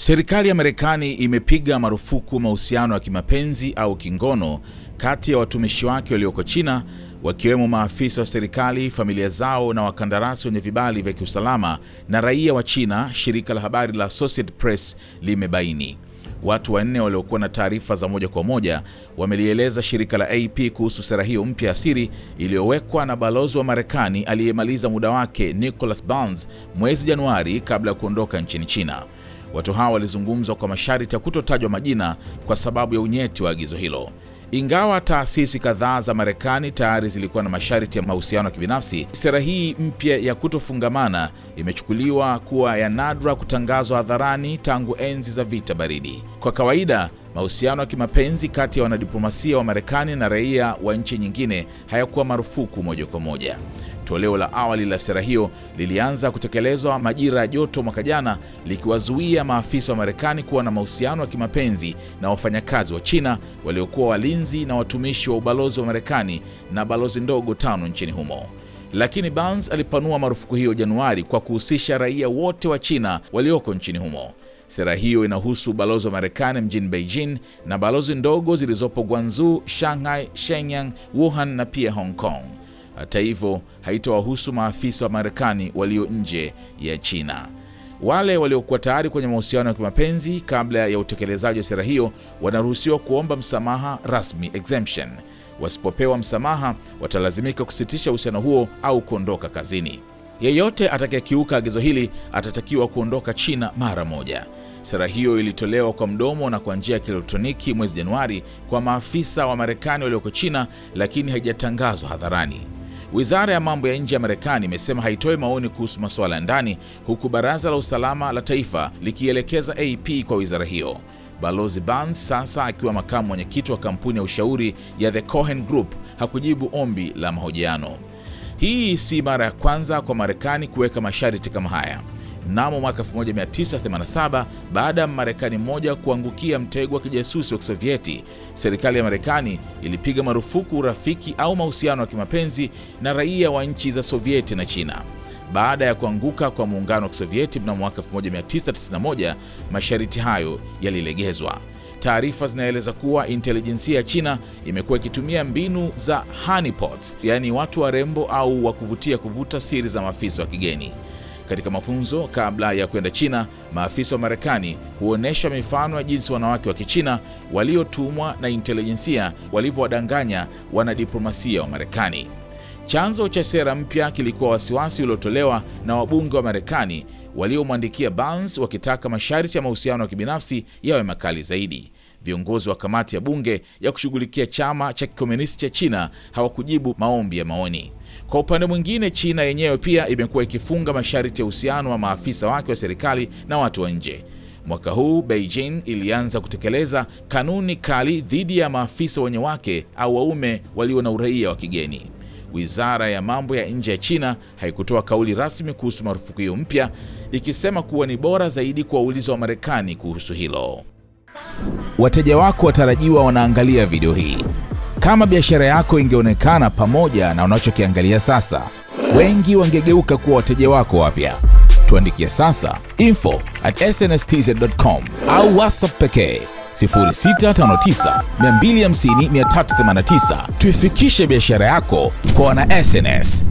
Serikali ya Marekani imepiga marufuku mahusiano ya kimapenzi au kingono kati ya watumishi wake walioko China, wakiwemo maafisa wa serikali, familia zao na wakandarasi wenye vibali vya kiusalama na raia wa China, shirika la habari la Associated Press limebaini. Watu wanne waliokuwa na taarifa za moja kwa moja wamelieleza shirika la AP kuhusu sera hiyo mpya ya siri iliyowekwa na balozi wa Marekani aliyemaliza muda wake Nicholas Burns mwezi Januari kabla ya kuondoka nchini China. Watu hao walizungumzwa kwa masharti ya kutotajwa majina kwa sababu ya unyeti wa agizo hilo. Ingawa taasisi kadhaa za Marekani tayari zilikuwa na masharti ya mahusiano ya kibinafsi, sera hii mpya ya kutofungamana imechukuliwa kuwa ya nadra kutangazwa hadharani tangu enzi za vita baridi. Kwa kawaida Mahusiano ya kimapenzi kati ya wanadiplomasia wa Marekani na raia wa nchi nyingine hayakuwa marufuku moja kwa moja. Toleo la awali la sera hiyo lilianza kutekelezwa majira ya joto mwaka jana, likiwazuia maafisa wa Marekani kuwa na mahusiano ya kimapenzi na wafanyakazi wa China waliokuwa walinzi na watumishi wa ubalozi wa Marekani na balozi ndogo tano nchini humo. Lakini Burns alipanua marufuku hiyo Januari kwa kuhusisha raia wote wa China walioko nchini humo. Sera hiyo inahusu ubalozi wa Marekani mjini Beijing na balozi ndogo zilizopo Guangzhou, Shanghai, Shenyang, Wuhan na pia Hong Kong. Hata hivyo, haitawahusu maafisa wa Marekani walio nje ya China. Wale waliokuwa tayari kwenye mahusiano ya kimapenzi kabla ya utekelezaji wa sera hiyo wanaruhusiwa kuomba msamaha rasmi exemption. Wasipopewa msamaha, watalazimika kusitisha uhusiano huo au kuondoka kazini. Yeyote atakayekiuka agizo hili atatakiwa kuondoka China mara moja. Sera hiyo ilitolewa kwa mdomo na kwa njia ya kielektroniki mwezi Januari kwa maafisa wa Marekani walioko China, lakini haijatangazwa hadharani. Wizara ya mambo ya nje ya Marekani imesema haitoi maoni kuhusu masuala ya ndani, huku baraza la usalama la taifa likielekeza AP kwa wizara hiyo. Balozi Burns sasa akiwa makamu mwenyekiti wa kampuni ya ushauri ya The Cohen Group hakujibu ombi la mahojiano. Hii si mara ya kwanza kwa Marekani kuweka masharti kama haya. Mnamo mwaka 1987 baada ya Marekani mmoja kuangukia mtego wa kijasusi wa Kisovyeti, serikali ya Marekani ilipiga marufuku urafiki au mahusiano ya kimapenzi na raia wa nchi za Sovieti na China. Baada ya kuanguka kwa muungano wa Kisovieti mnamo mwaka 1991, masharti hayo yalilegezwa. Taarifa zinaeleza kuwa intelijensia ya China imekuwa ikitumia mbinu za honeypots, yaani watu warembo au wa kuvutia kuvuta siri za maafisa wa kigeni. Katika mafunzo kabla ya kwenda China, maafisa wa Marekani huonyeshwa mifano ya jinsi wanawake wa Kichina waliotumwa na intelijensia walivyowadanganya wanadiplomasia wa Marekani. Chanzo cha sera mpya kilikuwa wasiwasi uliotolewa na wabunge wa Marekani waliomwandikia Burns wakitaka masharti ya mahusiano ya kibinafsi yawe makali zaidi. Viongozi wa kamati ya bunge ya kushughulikia chama cha kikomunisti cha China hawakujibu maombi ya maoni. Kwa upande mwingine, China yenyewe pia imekuwa ikifunga masharti ya uhusiano wa maafisa wake wa serikali na watu wa nje. Mwaka huu Beijing ilianza kutekeleza kanuni kali dhidi ya maafisa wenye wake au waume walio na uraia wa kigeni. Wizara ya mambo ya nje ya China haikutoa kauli rasmi kuhusu marufuku hiyo mpya, ikisema kuwa ni bora zaidi kuwauliza wa Marekani kuhusu hilo. Wateja wako watarajiwa wanaangalia video hii. Kama biashara yako ingeonekana pamoja na unachokiangalia sasa, wengi wangegeuka kuwa wateja wako wapya. Tuandikie sasa info at snstz.com au whatsapp pekee 0659 Tuifikishe biashara yako kwa wana SnS.